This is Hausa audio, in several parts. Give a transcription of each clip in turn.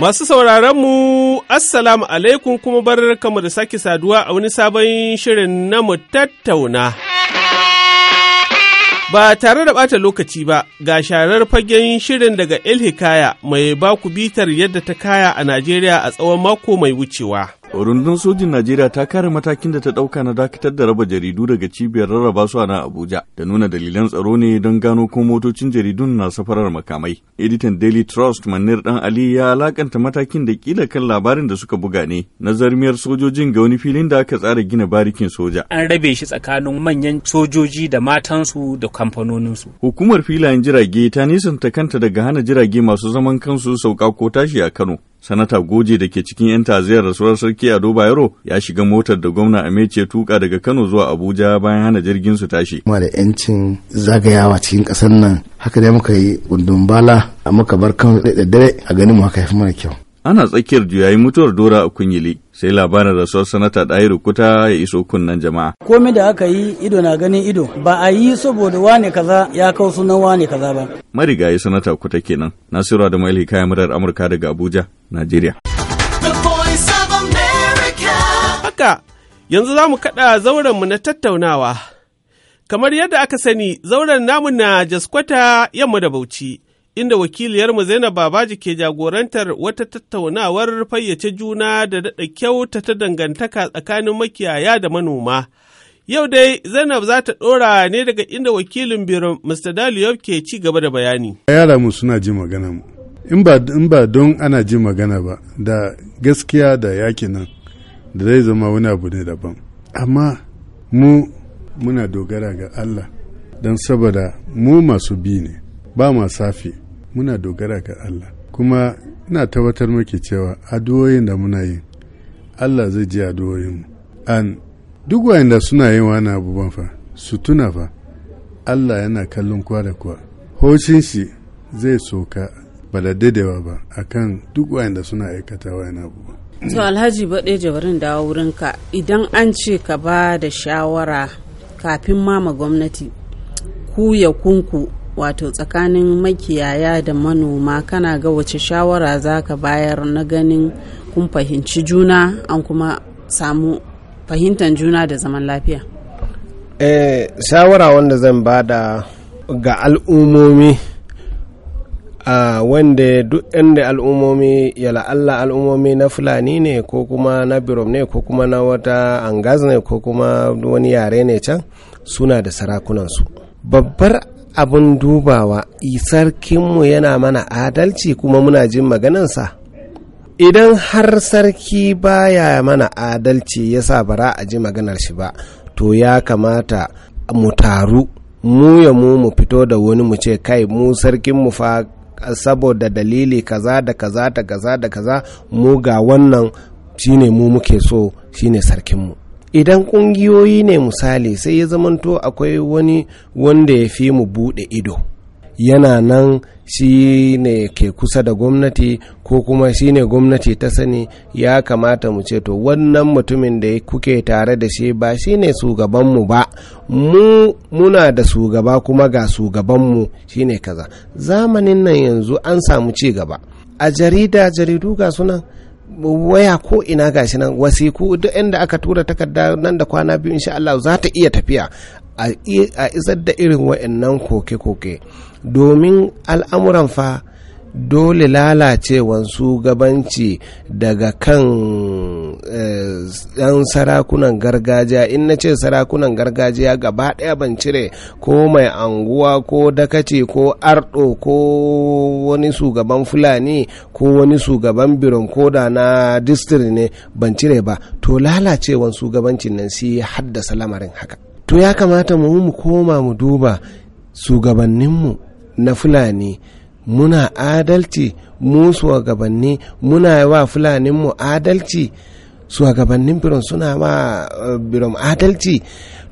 Masu sauraronmu, Assalamu alaikum kuma bar kama da sake saduwa a wani sabon shirin na mu tattauna. Ba tare da ɓata lokaci ba, ga sharar fagen shirin daga Ilhikaya mai baku bitar yadda ta kaya a Najeriya a tsawon mako mai wucewa. rundunar sojin najeriya ta kare matakin da ta ɗauka na dakatar da raba jaridu daga cibiyar rarraba su a nan abuja da nuna dalilan tsaro ne don gano ko motocin jaridun na safarar makamai editan daily trust manir dan ali ya alakanta matakin da kila kan labarin da suka buga ne na zarmiyar sojojin ga wani filin da aka tsara gina barikin soja an rabe shi tsakanin manyan sojoji da matansu da kamfanoninsu hukumar filayen jirage ta nisanta kanta daga hana jirage masu zaman kansu sauka ko tashi a kano sanata goje da ke cikin 'yan taziyar rasuwar sarki ado bayero ya shiga motar da gwamna amece tuka daga kano zuwa abuja bayan hana jirgin su tashi kuma da 'yancin zagayawa cikin kasar nan haka dai muka yi gundun bala a muka bar kan da dare a ganin mu haka fi mana kyau ana tsakiyar juyayi mutuwar dora a kunyili sai labarin rasuwar sanata ɗaya rukuta ya iso kunnen jama'a. Komai da aka yi ido na ganin ido ba a yi saboda wane kaza ya kau sunan wane kaza ba. Marigayi sanata kuta kenan Nasiru Adamu kayan murar Amurka daga Abuja, Najeriya. Haka yanzu za mu kaɗa zaurenmu na tattaunawa. Kamar yadda aka sani, zauren namu na Jaskwata yamma da Bauchi. inda wakiliyarmu Zainab Babaji ke jagorantar wata tattaunawar fayyace juna da daɗa ta dangantaka tsakanin makiyaya da manoma. Yau dai Zainab za ta ɗora ne daga inda wakilin biro Mr. Daliyov ke ci gaba da bayani. Yara mu suna ji magana mu. In ba in ba don ana ji magana ba da gaskiya da yaki nan da zai zama wani abu ne daban. Amma mu muna dogara ga Allah don saboda mu masu bi ne. ba ma safi muna dogara ga Allah kuma ina tabbatar maki cewa addu'o'in da muna yi Allah zai ji addu'o'inmu an duk wanda suna yin wani ban fa su tuna fa Allah yana kallon kwa da kwa hocin shi zai soka ba da daidaiwa ba akan duk wanda suna aikata wayan abu. to alhaji baɗe jabarin da wurinka idan an ce ka ba da shawara kafin ma ma gwamnati ku ya kunku wato tsakanin makiyaya da manoma kana ga wace shawara za ka bayar na ganin kun fahimci juna an kuma samu fahimtar juna da zaman lafiya eh shawara wanda zan bada ga al'ummomi a wanda duk inda al'ummomi ya la'alla al'ummomi na fulani ne ko kuma na birom ne ko kuma na wata angaz ne ko kuma wani yare ne can suna da sarakunansu babbar abin dubawa sarkinmu yana mana adalci kuma muna jin maganansa idan har sarki baya mana adalci ya sa bara a ji maganar shi ba to ya kamata mu taru mu ya mu mu fito da wani mu ce kai mu sarkinmu fa saboda dalili kaza da kaza da kaza da kaza mu ga wannan shine mu muke so shine sarkinmu idan kungiyoyi ne misali sai ya zamanto akwai wani wanda ya fi mu bude ido yana nan shi ne ke kusa da gwamnati ko kuma shi ne gwamnati ta sani ya kamata mu ce to wannan mutumin da kuke tare da shi ba shi ne mu ba mu muna da shugaba kuma ga shugabanmu shi ne kaza zamanin nan yanzu an samu ci gaba a jarida jaridu ga sunan waya ko ina gashi nan wasiku duk inda aka tura takarda nan da kwana biyu insha Allah za ta iya tafiya a isar da irin wa'annan koke-koke domin al'amuran fa dole lalacewan sugabanci daga kan eh, yan sarakunan gargajiya in na ce sarakunan gargajiya gaba ɗaya ban cire ko mai anguwa ko dakaci ko ardo ko wani shugaban fulani ko wani shugaban biron da na distri ne ban cire ba to lalacewan shugabancin nan si haddasa lamarin haka to ya kamata mu mu koma mu duba sugabanninmu na fulani muna adalci mu shugabanni muna wa fulaninmu adalci shugabannin biron suna ma eh, biron adalci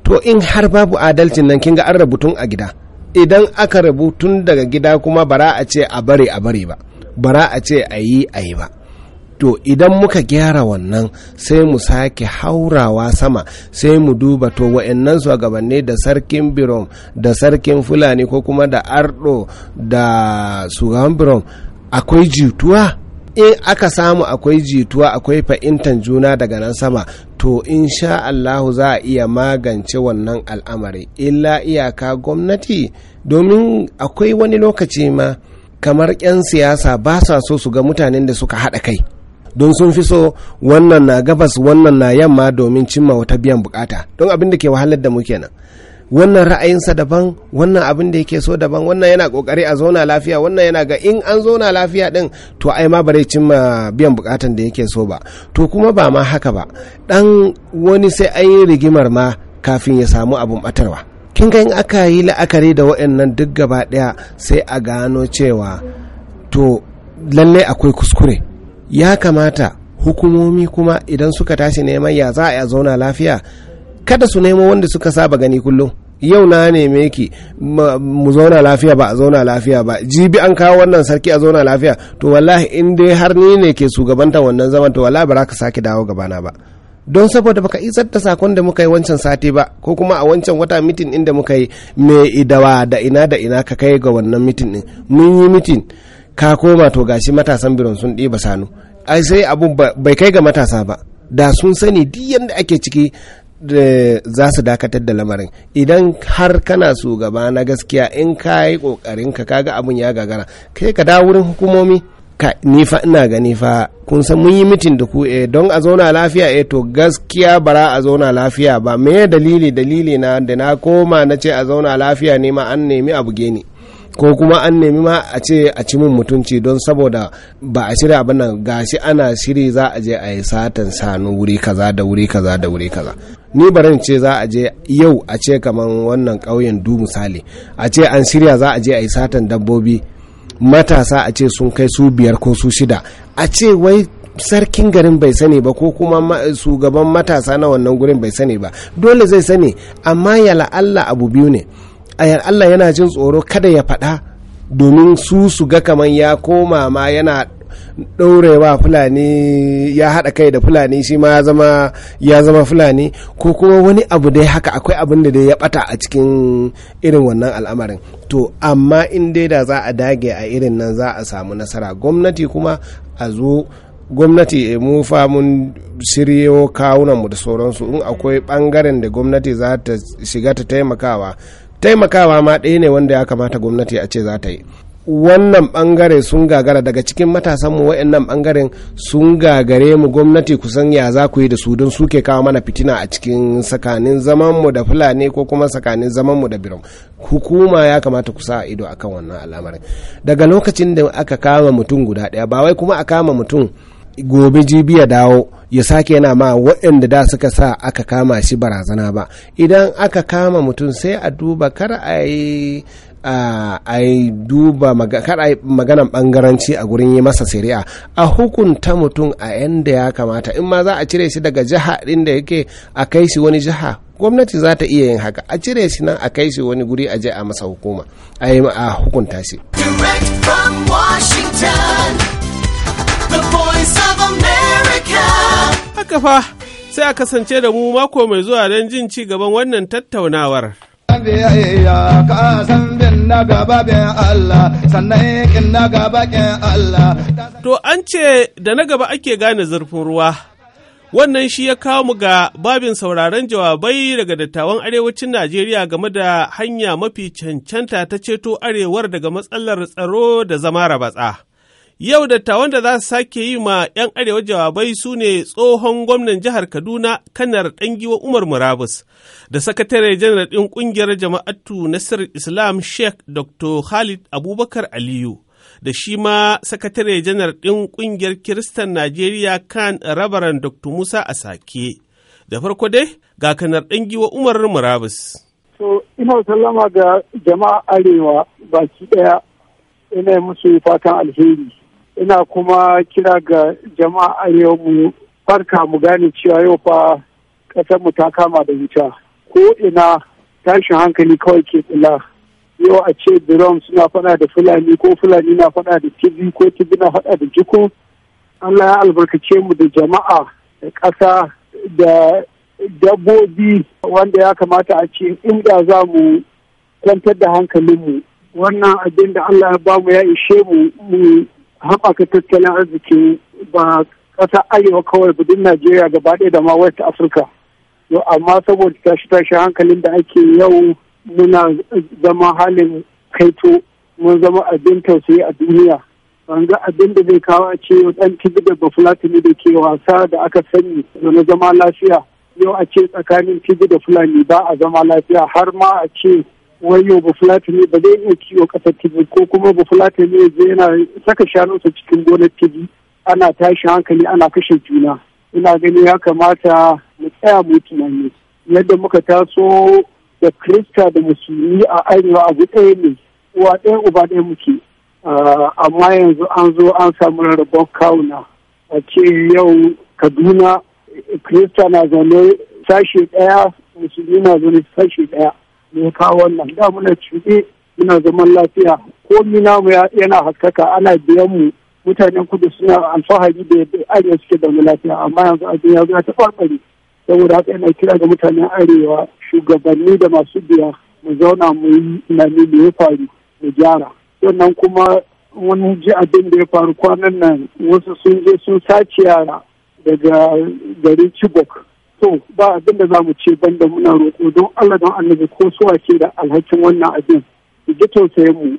to in har babu adalcin nan kin ga an rubutun a gida idan aka rabu tun daga gida kuma bara a ce a bari a bari ba bara a ce a yi a yi ba to idan muka gyara wannan sai mu sake haurawa sama sai mu duba to wa'annan shugabanni da sarkin birom da sarkin fulani ko kuma da ardo da shugaban birom akwai jituwa in aka samu akwai jituwa akwai fa'intan juna daga nan sama to sha Allahu za a iya magance wannan al'amari illa iyaka gwamnati domin akwai wani lokaci ma kamar 'yan siyasa ba sa so su ga mutanen da suka haɗa kai don sun fi so wannan na gabas wannan na yamma domin cimma wata biyan bukata don abin da ke wahalar da mu kenan wannan ra'ayinsa daban wannan abin da yake so daban wannan yana kokari a zauna lafiya wannan yana ga in an zauna lafiya din to ai ma bare cimma biyan bukatan da yake so ba to kuma ba ma haka ba dan wani sai an yi rigimar ma kafin ya samu abun batarwa kin ga in aka yi la'akari da waɗannan duk gaba ɗaya sai a gano cewa to lallai akwai kuskure ya kamata hukumomi kuma idan suka tashi neman ya za a zauna lafiya kada su nemo wanda suka saba gani kullum yau na neme ki mu zauna lafiya ba a zauna lafiya ba jibi an kawo wannan sarki a zauna lafiya to wallahi in dai har ni ne ke shugabanta wannan zaman to wallahi ba ka sake dawo gabana ba don saboda baka isar da sakon da muka yi wancan sati ba ko kuma a wancan wata mitin inda muka yi me idawa da ina da ina ka kai ga wannan mitin din mun yi mitin ka koma to gashi matasan biron sun ɗiba sanu ai sai abun bai kai ga matasa ba da sun sani duk yadda ake ciki da eh, za su dakatar da lamarin idan har kana shugaba na gaskiya in ka yi kokarin ka kaga abun ya gagara kai ka dawo wurin hukumomi ka nifa ina gani fa kun san mun yi mitin da ku eh don a zauna lafiya eh to gaskiya bara a zauna lafiya ba me dalili dalili na da na koma na ce a zauna lafiya ne ma an nemi abu geni ko kuma an nemi ma a ce a ci mun mutunci don saboda ba a shirya ba nan gashi ana shiri za a je a yi satan sanu wuri kaza da wuri kaza da wuri kaza ni barin ce za a je yau a ce kaman wannan ƙauyen du misali a ce an shirya za a je a yi satan dabbobi matasa a ce sun kai su biyar ko su shida a ce wai sarkin garin bai sani ba ko kuma shugaban matasa na wannan gurin bai sani ba dole zai sani amma ya la'alla abu biyu ne Allah yana jin tsoro kada ya faɗa domin su su ga kaman ya koma ma yana ɗaurewa fulani ya haɗa kai da fulani shi ma ya zama fulani ko kuma wani abu dai haka akwai abin da dai ya ɓata a cikin irin wannan al'amarin to amma in dai da za a dage a irin nan za a samu nasara gwamnati kuma a zo gwamnati eh, mu fa mun shiryo kawunanmu da sauransu in akwai ɓangaren da gwamnati za ta shiga ta taimakawa taimakawa ma ɗaya ne wanda ya kamata gwamnati a ce za ta yi wannan bangare sun gagara daga cikin matasanmu waɗannan bangaren sun gagare mu gwamnati kusan ya za ku yi da su don suke kawo mana fitina a cikin tsakanin zamanmu da fulani ko kuma tsakanin zamanmu da birom hukuma ya kamata ku sa ido akan wannan al'amarin daga lokacin da aka kama mutum guda ɗaya ba wai kuma a kama mutum gobe jibi ya dawo ya sake yana ma waɗanda da suka sa aka kama shi barazana ba idan aka kama mutum sai a duba kar a yi a yi a yi maganan bangaranci a gurin yi masa shari'a a hukunta mutum a yadda ya kamata in ma za a cire shi daga jiha ɗin da yake a kai shi wani jiha gwamnati za ta iya yin haka a cire shi nan a kai shi wani guri a je a masa hukuma a yi a hukunta shi the voice of Haka fa sai a kasance da mu mako mai zuwa don jin ci gaban wannan tattaunawar. To an ce da na gaba ake gane zurfin ruwa. Wannan shi ya kawo mu ga babin sauraron jawabai daga dattawan arewacin Najeriya game da hanya mafi cancanta ta ceto arewar daga matsalar tsaro da zama rabatsa. Yau dattawan da za su sake yi ma 'yan arewa jawabai su ne tsohon gwamnan jihar Kaduna kanar ɗangiwa Umar Murabus da sakatare janar ɗin ƙungiyar jama'atu Nasir Islam Sheikh Dr. Khalid Abubakar Aliyu da shi ma sakatare janar ɗin ƙungiyar Kiristan Najeriya kan rabaran Dr. Musa Asake. Da farko dai ga kanar ɗangiwa Umar Murabus. ina sallama ga jama'a arewa baki ɗaya ina musu fatan alheri. ina kuma kira ga jama'a yau mu farka mu gane cewa yau fa ƙasar mu ta kama da wuta ko ina tashin hankali kawai ke kula? yau a ce drum suna faɗa da fulani ko fulani na faɗa da tibi ko tibi na fada da jiko allah ya albarkace mu da jama'a da ƙasa da dabbobi wanda ya kamata a ce inda za mu kwantar da hankalinmu wannan abin da allah ya bamu ya ishe mu haɓaka tattalin arziki ba ƙasa arewa kawai budin najeriya gaba ɗaya da ma west afirka yau amma saboda tashi tashi hankalin da ake yau muna zama halin kaito mun zama abin tausayi a duniya ga abin da zai kawo a ce ɗan tibi da bafulatani da ke wasa da aka sani na zama lafiya yau a ce tsakanin tibi da fulani ba a zama lafiya har ma a ce wayo ba ne ba zai iya kiwo kasar tibi ko kuma ba fulata ne zai yana saka shanunsa cikin gonar tibi ana tashi hankali ana kashe juna ina ganin ya kamata mu tsaya mu tunani yadda muka taso da krista da musulmi a arewa abu ɗaya ne uwa ɗaya uba ɗaya muke ah, amma yanzu an zo an samu rarrabon kawuna a ce yau kaduna krista na zaune sashe ɗaya musulmi na zaune sashe ɗaya me kawo wannan da muna cuɗe muna zaman lafiya komi namu yana haskaka ana biyan mu mutanen kudu suna alfahari da yadda arewa suke mu lafiya amma yanzu abin ya zuwa ta ɓarɓare saboda haka yana kira ga mutanen arewa shugabanni da masu biya mu zauna mu yi tunani da ya faru mu gyara sannan kuma wani ji abin da ya faru kwanan nan wasu sun je sun sace yara daga garin chibok to ba abin da za mu ce banda muna roƙo don Allah don annabi ko suwa ke da alhakin wannan abin su ji tausayin mu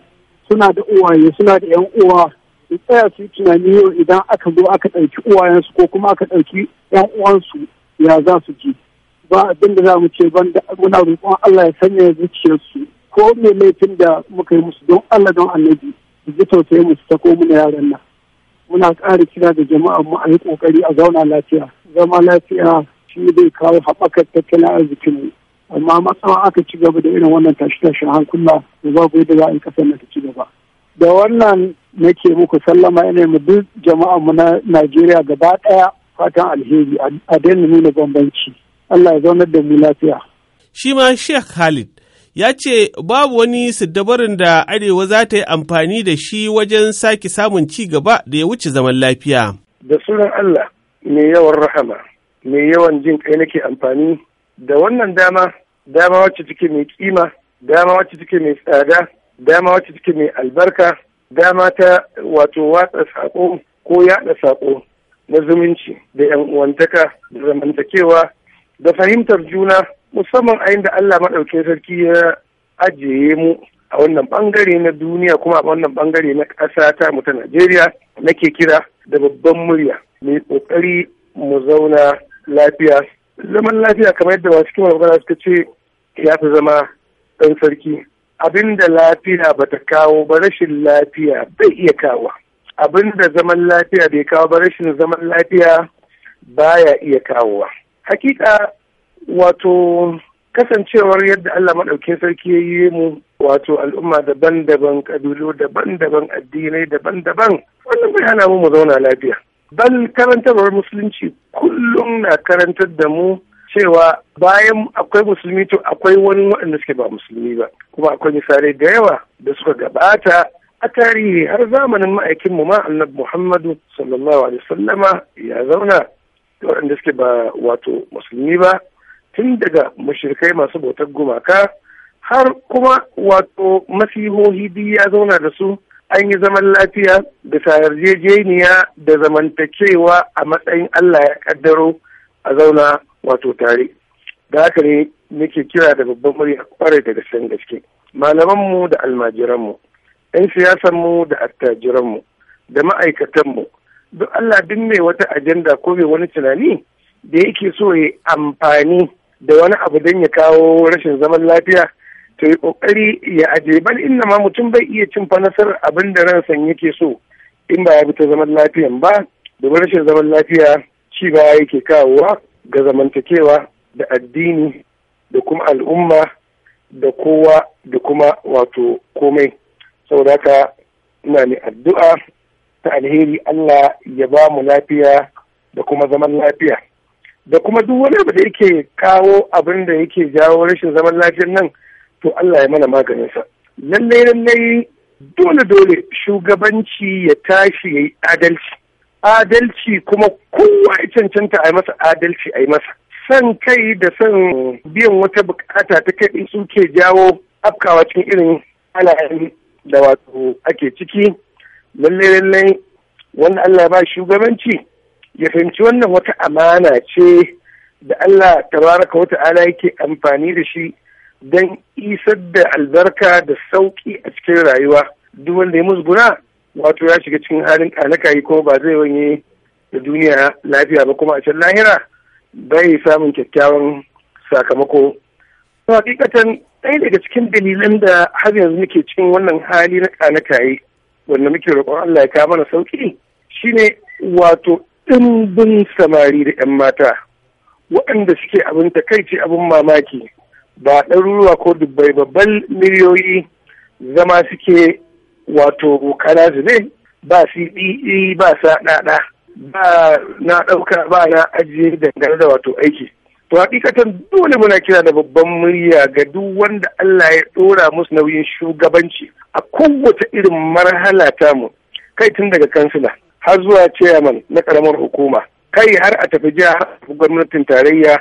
suna da uwaye suna da yan uwa su tsaya su tunani yau idan aka zo aka ɗauki uwayensu ko kuma aka ɗauki yan uwansu ya za su ji ba abin da za mu ce banda muna roƙon Allah ya sanya zuciyarsu ko me laifin da muka yi musu don Allah don annabi su ji tausayin mu su sako mu yaran nan muna ƙara kira da jama'a mu a yi ƙoƙari a zauna lafiya zama lafiya shi zai kawo haɓakar tattalin arzikinmu amma matsawa aka ci gaba da irin wannan tashi tashen hankula da babu yadda za a yi ƙasar na ta ci gaba da wannan nake muku sallama ina mu duk jama'a mu na Najeriya gaba ɗaya fatan alheri a daina nuna bambanci Allah ya zaunar da mu lafiya shi ma Sheikh Khalid ya ce babu wani siddabarin da arewa za ta yi amfani da shi wajen sake samun ci gaba da ya wuce zaman lafiya. Da sunan Allah mai yawan rahama, mai yawan jin kai nake amfani da wannan dama dama wacce take mai kima dama wacce take mai tsada dama wacce take mai albarka dama ta wato watsa sako ko yada sako na zumunci da yan uwantaka da zamantakewa da fahimtar juna musamman a inda Allah maɗauke sarki ya ajiye mu a wannan bangare na duniya kuma a wannan bangare na ƙasa ta mu ta Najeriya nake kira da babban murya mai ƙoƙari mu zauna lafiya zaman lafiya kamar yadda masu kima magana suka ce ya fi zama ɗan sarki abin da lafiya ba ta kawo ba rashin lafiya bai iya kawo abin da zaman lafiya bai kawo ba rashin zaman lafiya baya iya kawowa hakika wato kasancewar yadda Allah maɗaukin sarki ya yi mu wato al'umma daban-daban ƙabilu daban-daban addinai daban-daban wannan bai hana mu mu zauna lafiya bal karantarwar musulunci kullum na karantar da mu cewa bayan akwai musulmi to akwai wani waɗanda suke ba musulmi ba kuma akwai misalai da yawa da suka gabata a tarihi har zamanin ma'aikin mu ma annabi muhammadu sallallahu alaihi sallama ya zauna da waɗanda suke ba wato musulmi ba tun daga mushrikai masu bautar gumaka har kuma wato masihohi biyu ya zauna da su an yi zaman lafiya bisa yarjejeniya da zamantakewa a matsayin Allah ya kaddaro a zauna wato tare da haka ne muke kira da babban murya kwarai da gaske gaske malamanmu da almajiranmu 'yan siyasanmu da attajiranmu da ma'aikatanmu duk Allah duk mai wata ajanda ko mai wani tunani da yake so ya amfani da wani abu don ya kawo rashin zaman lafiya ta yi kokari ya aje bal inna ma mutum bai iya cin fanasar abin da ransan yake so in ba ya bi ta zaman lafiyan ba domin rashin zaman lafiya ci ba yake kawowa ga zamantakewa da addini da kuma al'umma da kowa da kuma wato komai saboda haka ina ne addu'a ta alheri Allah ya ba mu lafiya da kuma zaman lafiya da kuma duk wani abu da yake kawo abin da yake jawo rashin zaman lafiyar nan to Allah ya mana maganinsa lallai lallai dole dole shugabanci ya tashi ya yi adalci adalci kuma kowa ya cancanta a yi masa adalci a yi masa san kai da san biyan wata bukata ta kai suke jawo afkawa cikin irin halayen da wato ake ciki lallai lallai wanda Allah ya ba shugabanci ya fahimci wannan wata amana ce da Allah tabaraka wata ala yake amfani da shi don isar da albarka da sauƙi a cikin rayuwa duk wanda ya musguna wato ya shiga cikin halin kanakayi kuma ba zai wanye da duniya lafiya ba kuma a can lahira bai samun kyakkyawan sakamako. hakikatan ɗaya daga cikin dalilan da har yanzu muke cikin wannan hali na yi, wanda muke roƙon Allah ya kawo mana sauƙi shine wato ɗimbin samari da 'yan mata waɗanda suke abin takaici abin mamaki ba ɗaruruwa ko dubbai babban miliyoyi zama suke wato kana zube ba cde ba sa ɗaɗa ba na ɗauka ba na ajiye dangane da wato aiki to hakikatan dole muna kira da babban murya ga duk wanda Allah ya ɗora musu nauyin shugabanci a kowace irin marhala mu, kai tun daga kansila har zuwa chairman na ƙaramar hukuma kai har a tafi jiha har gwamnatin tarayya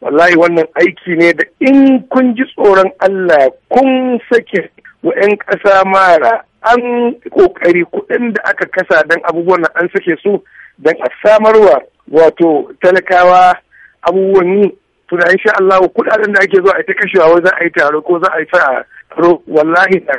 wallahi wannan aiki ne da in kun ji tsoron Allah kun sake wa 'yan ƙasa mara an ƙoƙari kuɗin da aka kasa don abubuwan an sake su don a samarwa wato talakawa abubuwan yi tuna insha Allah kuɗaɗen da ake zuwa a ta kashewa wai za a yi taro ko za a yi taro wallahi da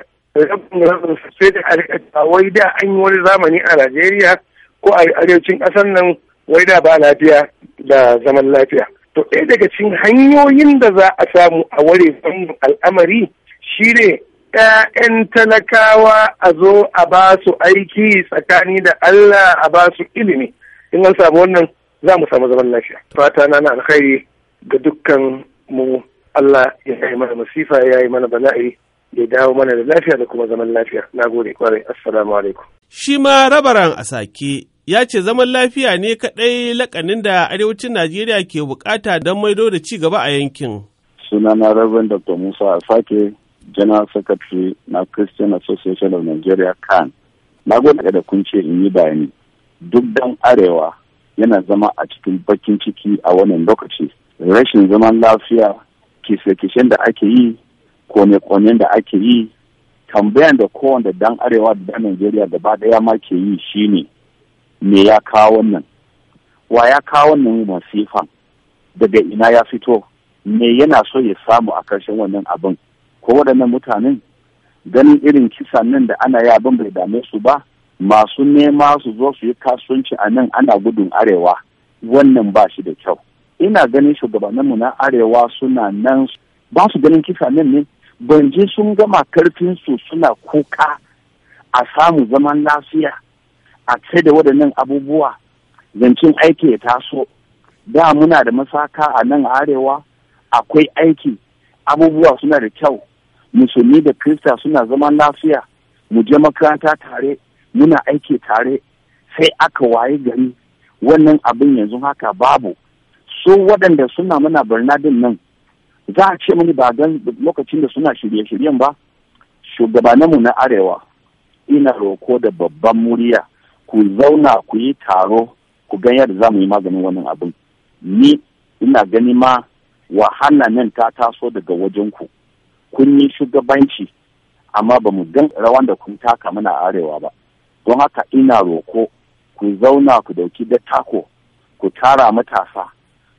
rabin rabin sai da a wai da an yi wani zamani a Najeriya ko a arewacin ƙasar nan wai da ba lafiya da zaman lafiya. To ɗaya daga cikin hanyoyin da za a samu a ware wannan al'amari shi ne ‘ya'yan talakawa a zo a ba su aiki tsakani da Allah a ba su ilimi. In an samu wannan za mu samu zaman lafiya. Fata na na alkhairi ga dukkan mu Allah ya yi mana masifa ya yi mana bala'i ya dawo mana da lafiya da kuma zaman lafiya. Na gode kwarai. Assalamu alaikum. Shi ma rabaran a sake ya ce zaman lafiya ne kaɗai lakanin da arewacin Najeriya ke bukata don maido da ci gaba a yankin. Sunana Reverend Dr. Musa Asake, General Secretary na Christian Association of Nigeria CAN. Na gode da kun in yi bayani. Duk dan arewa yana zama a cikin bakin ciki a wannan lokaci. Rashin zaman lafiya, kise-kishen da ake yi, kone-konen da ake yi, tambayan da kowanne dan arewa da dan Najeriya gaba ɗaya ma ke yi shine. me ya kawo wannan wa ya kawo wannan masifan daga ina ya fito me yana so ya samu a ƙarshen wannan abin ko waɗannan mutanen ganin irin kisan nan da ana yi abin bai dame su ba masu nema su zo su yi kasuwanci a nan ana gudun arewa wannan ba shi da kyau ina ganin shugabanninmu na arewa suna nan ba su ganin kisa nan ne ban ji sun gama karfinsu suna kuka a samu zaman lafiya a sai da waɗannan abubuwa zancen aiki ya taso da muna da masaka a nan arewa akwai aiki abubuwa suna da kyau musulmi da krista suna zaman lafiya mu je makaranta tare muna aiki tare sai aka waye gari wannan abin yanzu haka babu su waɗanda suna mana barna din nan za a ce mani ba gan lokacin da suna shirye-shiryen ba shugabaninmu na arewa ina roko da babban murya ku zauna ku yi taro ku gan yadda za mu yi maganin wannan abin ni ina gani ma wahala nan ta taso daga wajen ku kun yi shugabanci amma ba mu gan rawan da kun taka mana arewa ba don haka ina roko ku zauna ku dauki da tako ku tara matasa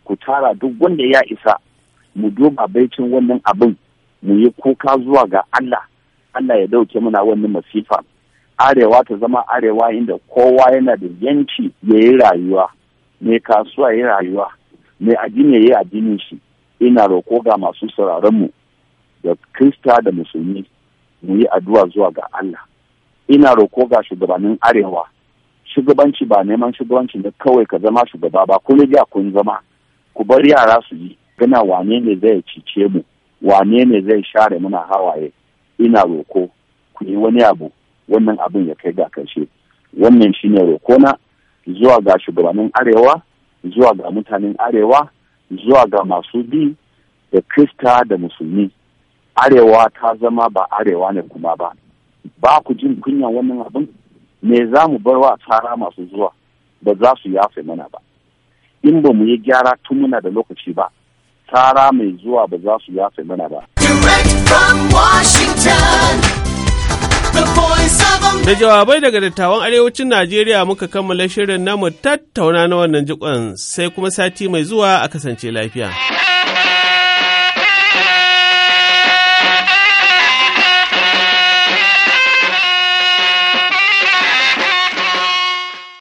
ku tara duk wanda ya isa mu duba baicin wannan abin mu yi kuka zuwa ga Allah Allah ya dauke muna wannan masifa arewa ta zama arewa inda kowa yana da yanci ya yi rayuwa mai kasuwa ya yi rayuwa mai addini ya yi addinin shi ina roko ga masu mu da krista da musulmi mu yi addu'a zuwa ga allah ina roko ga shugabannin arewa shugabanci ba neman shugabanci na kawai ka zama shugaba ba ko ne kun zama ku bar yara su yi gana wane ne zai cice mu wane ne zai share muna hawaye ina roko ku yi wani abu wannan abin ya kai ga karshe wannan shine rokona zuwa ga shugabannin arewa zuwa ga mutanen arewa zuwa ga masu bi da krista da musulmi arewa ta zama ba arewa ne kuma ba ba ku jin kunya wannan abin me za mu bar wa tsara masu zuwa ba za su yafe mana ba in ba mu yi gyara tun muna da lokaci ba tsara mai zuwa ba za su yafe mana ba Direct from Washington. Da jawabai daga dattawan arewacin Najeriya muka kammala shirin namu tattauna na wannan jikon sai kuma sati mai zuwa a kasance lafiya.